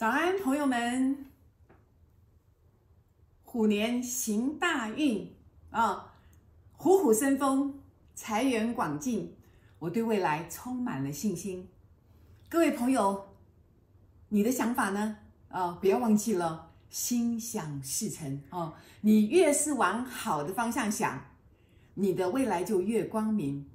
早安，朋友們！虎年行大運啊、哦，虎虎生風，財源廣進。我對未來充滿了信心。各位朋友，你的想法呢？啊、哦，別忘記了，心想事成啊、哦！你越是往好的方向想，你的未來就越光明。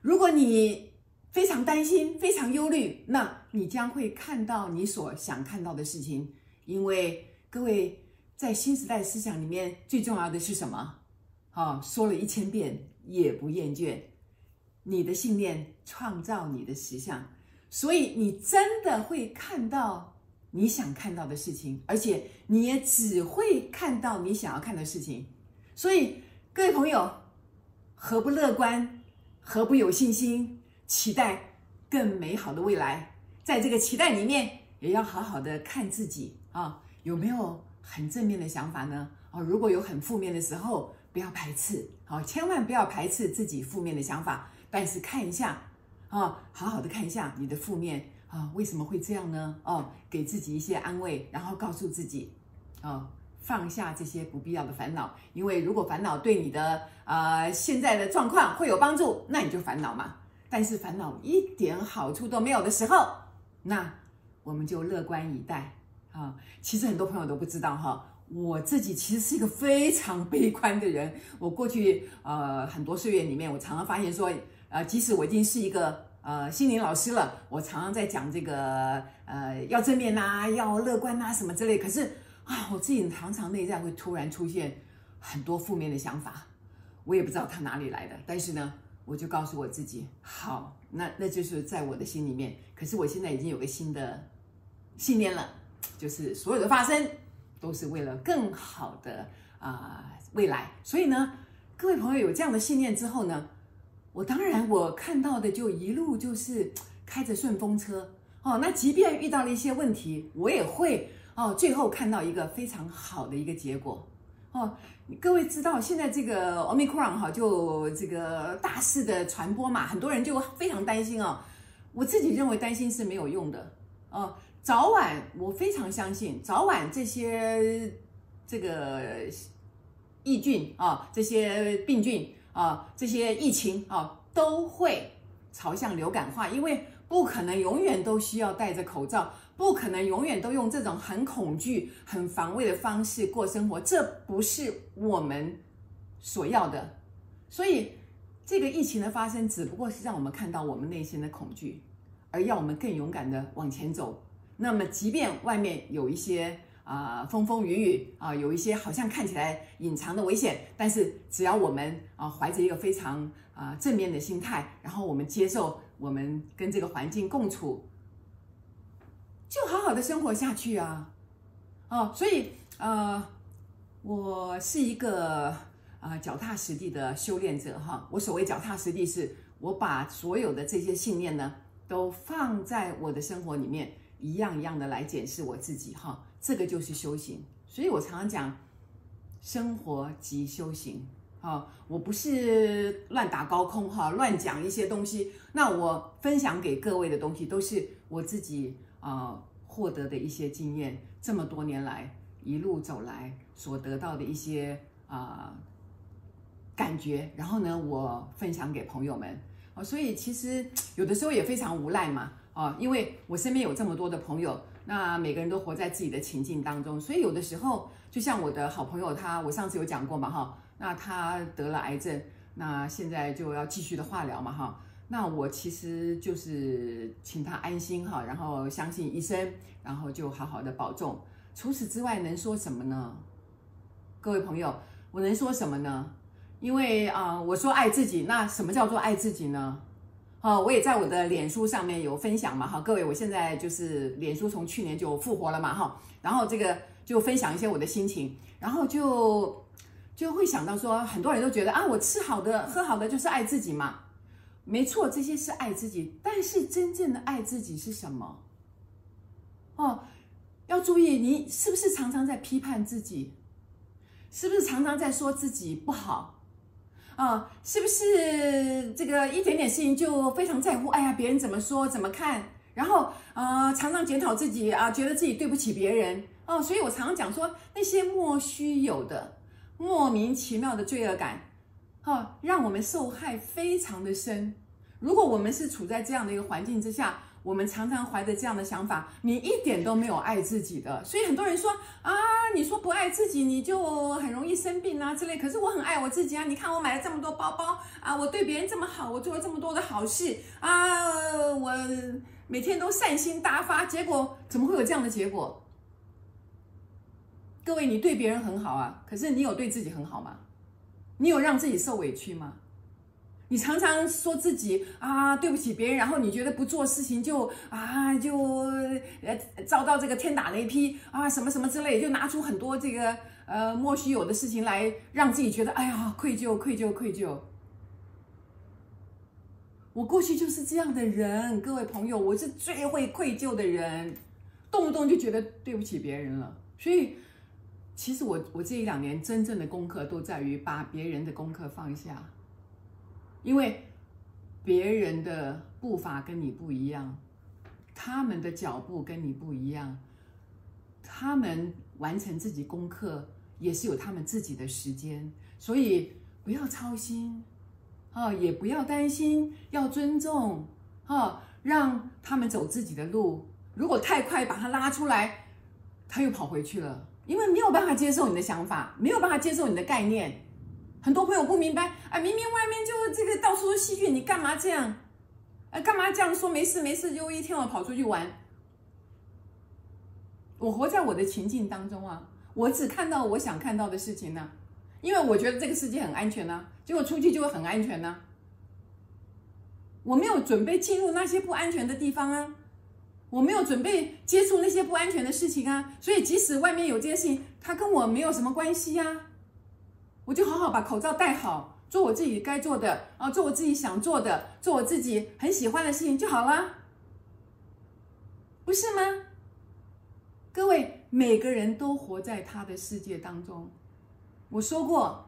如果你……非常擔心，非常憂慮，那你將會看到你所想看到的事情，因為各位在新時代思想裡面最重要的是什麼？好、哦，說了一千遍也不厭倦。你的信念創造你的實相，所以你真的會看到你想看到的事情，而且你也只會看到你想要看的事情。所以各位朋友，何不樂觀？何不有信心？期待更美好的未來，在這個期待裡面，也要好好的看自己啊、哦，有沒有很正面的想法呢？啊、哦，如果有很負面的時候，不要排斥啊、哦，千萬不要排斥自己負面的想法，但是看一下啊、哦，好好的看一下你的負面啊、哦，為什麼會這樣呢？哦，給自己一些安慰，然後告訴自己哦，放下這些不必要的煩惱，因為如果煩惱對你的啊、呃，現在的狀況會有幫助，那你就煩惱嘛。但是煩惱一點好處都沒有的時候，那我們就樂觀以待啊。其實很多朋友都不知道哈，我自己其實是一個非常悲觀的人。我過去呃很多歲月裡面，我常常發現說，呃，即使我已經是一個呃心靈老師了，我常常在講這個呃要正面吶、啊，要樂觀吶、啊，什麼之類。可是啊，我自己常常內在會突然出現很多負面的想法，我也不知道它哪裡來的。但是呢。我就告訴我自己，好，那那就是在我的心裡面。可是我現在已經有個新的信念了，就是所有的發生都是為了更好的啊、呃、未來。所以呢，各位朋友有這樣的信念之後呢，我當然我看到的就一路就是開着順風車哦。那即便遇到了一些問題，我也會哦，最後看到一個非常好的一個結果。哦，各位知道現在這個 Omicron 哈，就這個大肆的傳播嘛，很多人就非常擔心啊、哦，我自己認為擔心是沒有用的哦，早晚我非常相信，早晚這些這個疫菌啊、哦，這些病菌啊、哦，這些疫情啊、哦，都會朝向流感化，因為不可能永遠都需要戴着口罩。不可能永遠都用這種很恐懼、很防衛的方式過生活，這不是我們所要的。所以，這個疫情的發生只不過是讓我們看到我們內心的恐懼，而要我們更勇敢地往前走。那麼，即便外面有一些啊、呃、風風雨雨啊、呃，有一些好像看起來隱藏的危險，但是只要我們啊、呃、懷着一個非常啊、呃、正面的心態，然後我們接受我們跟這個環境共處。就好好的生活下去啊，哦，所以呃，我是一個啊、呃、腳踏實地的修煉者哈。我所謂腳踏實地，是我把所有的這些信念呢，都放在我的生活裡面，一樣一樣的來檢視我自己哈。這個就是修行。所以我常常講，生活即修行。哈，我不是亂打高空哈，亂講一些東西。那我分享給各位的東西，都是我自己。啊、呃，獲得的一些經驗，這麼多年來一路走來所得到的一些啊、呃，感覺，然後呢，我分享給朋友們。哦，所以其實有的時候也非常無奈嘛，啊、哦，因為我身邊有這麼多的朋友，那每個人都活在自己的情境當中，所以有的時候就像我的好朋友他，我上次有講過嘛，哈，那他得了癌症，那現在就要繼續的化療嘛，哈。那我其實就是請他安心哈，然後相信醫生，然後就好好的保重。除此之外，能說什麼呢？各位朋友，我能說什麼呢？因為啊、呃，我說愛自己，那什麼叫做愛自己呢？哈，我也在我的臉書上面有分享嘛，哈，各位，我現在就是臉書從去年就復活了嘛，哈，然後這個就分享一些我的心情，然後就就會想到說，很多人都覺得啊，我吃好的喝好的就是愛自己嘛。沒錯，這些是愛自己，但是真正的愛自己是什麼？哦，要注意，你是不是常常在批判自己？是不是常常在說自己不好？啊、哦，是不是這個一點點事情就非常在乎？哎呀，別人怎麼說怎麼看？然後啊、呃，常常檢討自己啊，覺得自己對不起別人哦。所以我常常講說，那些莫須有的、莫名其妙的罪惡感。哦，讓我們受害非常的深。如果我們是處在這樣的一個環境之下，我們常常懷着這樣的想法：你一點都沒有愛自己的。所以很多人說啊，你說不愛自己，你就很容易生病啊之類。可是我很愛我自己啊！你看我買了這麼多包包啊，我對別人這麼好，我做了這麼多的好事啊，我每天都善心大發，結果怎麼會有這樣的結果？各位，你對別人很好啊，可是你有對自己很好嗎？你有讓自己受委屈嗎？你常常說自己啊對不起別人，然後你覺得不做事情就啊就呃遭到這個天打雷劈啊什麼什麼之類，就拿出很多這個呃莫須有的事情來讓自己覺得哎呀愧疚愧疚愧疚。我過去就是這樣的人，各位朋友，我是最會愧疚的人，動不動就覺得對不起別人了，所以。其實我我這一兩年真正的功課都在於把別人的功課放下，因為別人的步伐跟你不一樣，他們的腳步跟你不一樣，他們完成自己功課也是有他們自己的時間，所以不要操心，啊，也不要擔心，要尊重，啊，讓他們走自己的路。如果太快把他拉出來，他又跑回去了。因為沒有辦法接受你的想法，沒有辦法接受你的概念，很多朋友不明白啊，明明外面就這個到處是細菌，你幹嘛這樣？哎、啊，幹嘛這樣說？沒事沒事，就一天我跑出去玩。我活在我的情境當中啊，我只看到我想看到的事情呢、啊，因為我覺得這個世界很安全呢、啊，結果出去就會很安全呢、啊。我沒有準備進入那些不安全的地方啊。我沒有準備接觸那些不安全的事情啊，所以即使外面有這些事情，它跟我沒有什麼關係呀、啊。我就好好把口罩戴好，做我自己該做的，做我自己想做的，做我自己很喜歡的事情就好了，不是嗎？各位，每個人都活在他的世界當中。我說過，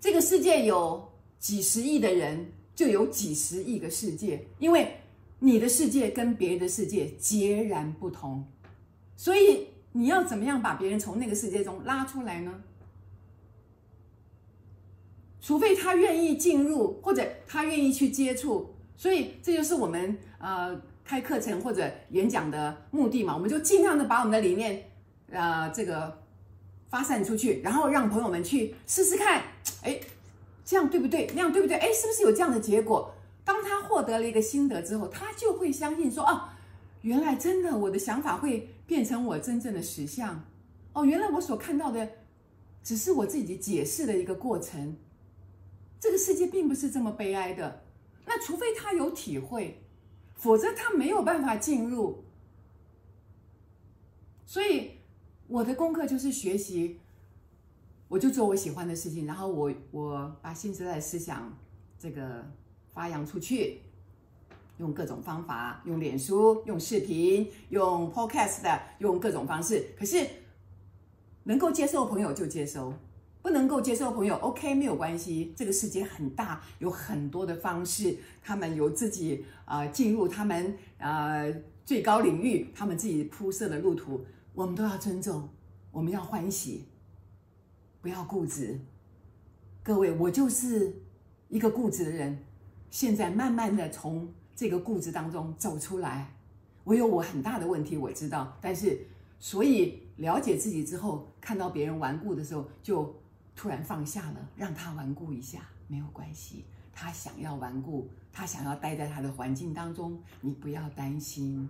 這個世界有幾十億的人，就有幾十億個世界，因為，你的世界跟別人的世界截然不同，所以你要怎麼樣把別人從那個世界中拉出來呢？除非他願意進入，或者他願意去接觸。所以這就是我們呃開課程或者演講的目的嘛。我們就儘量的把我們的理念呃這個發散出去，然後讓朋友們去試試看。哎，這樣對不對？那樣對不對？哎，是不是有這樣的結果？當他獲得了一個心得之後，他就會相信說：“哦，原來真的，我的想法會變成我真正的實相。哦，原來我所看到的，只是我自己解釋的一個過程。這個世界並不是這麼悲哀的。那除非他有體會，否則他沒有辦法進入。所以，我的功課就是學習，我就做我喜歡的事情，然後我我把新時代思想這個。”發揚出去，用各種方法，用臉書，用視頻，用 podcast，用各種方式。可是能夠接受的朋友就接收，不能夠接受的朋友，OK，沒有關係。這個世界很大，有很多的方式，他們有自己啊、呃、進入他們啊、呃、最高領域，他們自己鋪設的路途，我們都要尊重，我們要歡喜，不要固執。各位，我就是一個固執的人。現在慢慢的從這個固執當中走出來，我有我很大的問題，我知道。但是，所以了解自己之後，看到別人頑固的時候，就突然放下了，讓他頑固一下，沒有關係，他想要頑固，他想要待在他的環境當中，你不要擔心。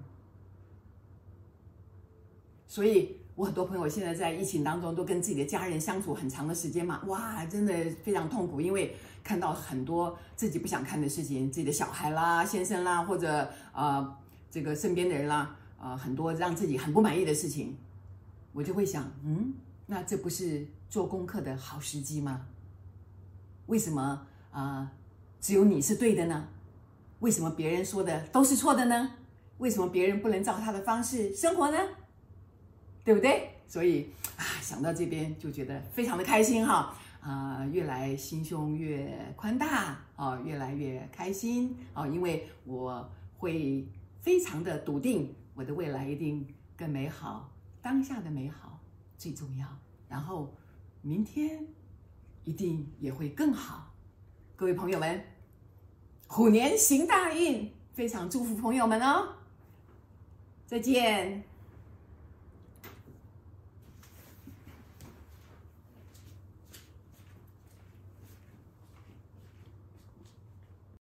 所以。我很多朋友現在在疫情當中都跟自己的家人相處很長的時間嘛，哇，真的非常痛苦，因為看到很多自己不想看的事情，自己的小孩啦、先生啦，或者啊、呃、這個身邊的人啦，啊、呃，很多讓自己很不滿意的事情，我就會想，嗯，那這不是做功課的好時機嗎？為什麼啊、呃，只有你是對的呢？為什麼別人說的都是錯的呢？為什麼別人不能照他的方式生活呢？對不對？所以啊，想到這邊就覺得非常的開心哈啊、呃，越來心胸越寬大啊、哦，越來越開心啊、哦。因為我會非常的篤定，我的未來一定更美好，當下的美好最重要，然後明天一定也會更好。各位朋友們，虎年行大運，非常祝福朋友們哦！再見。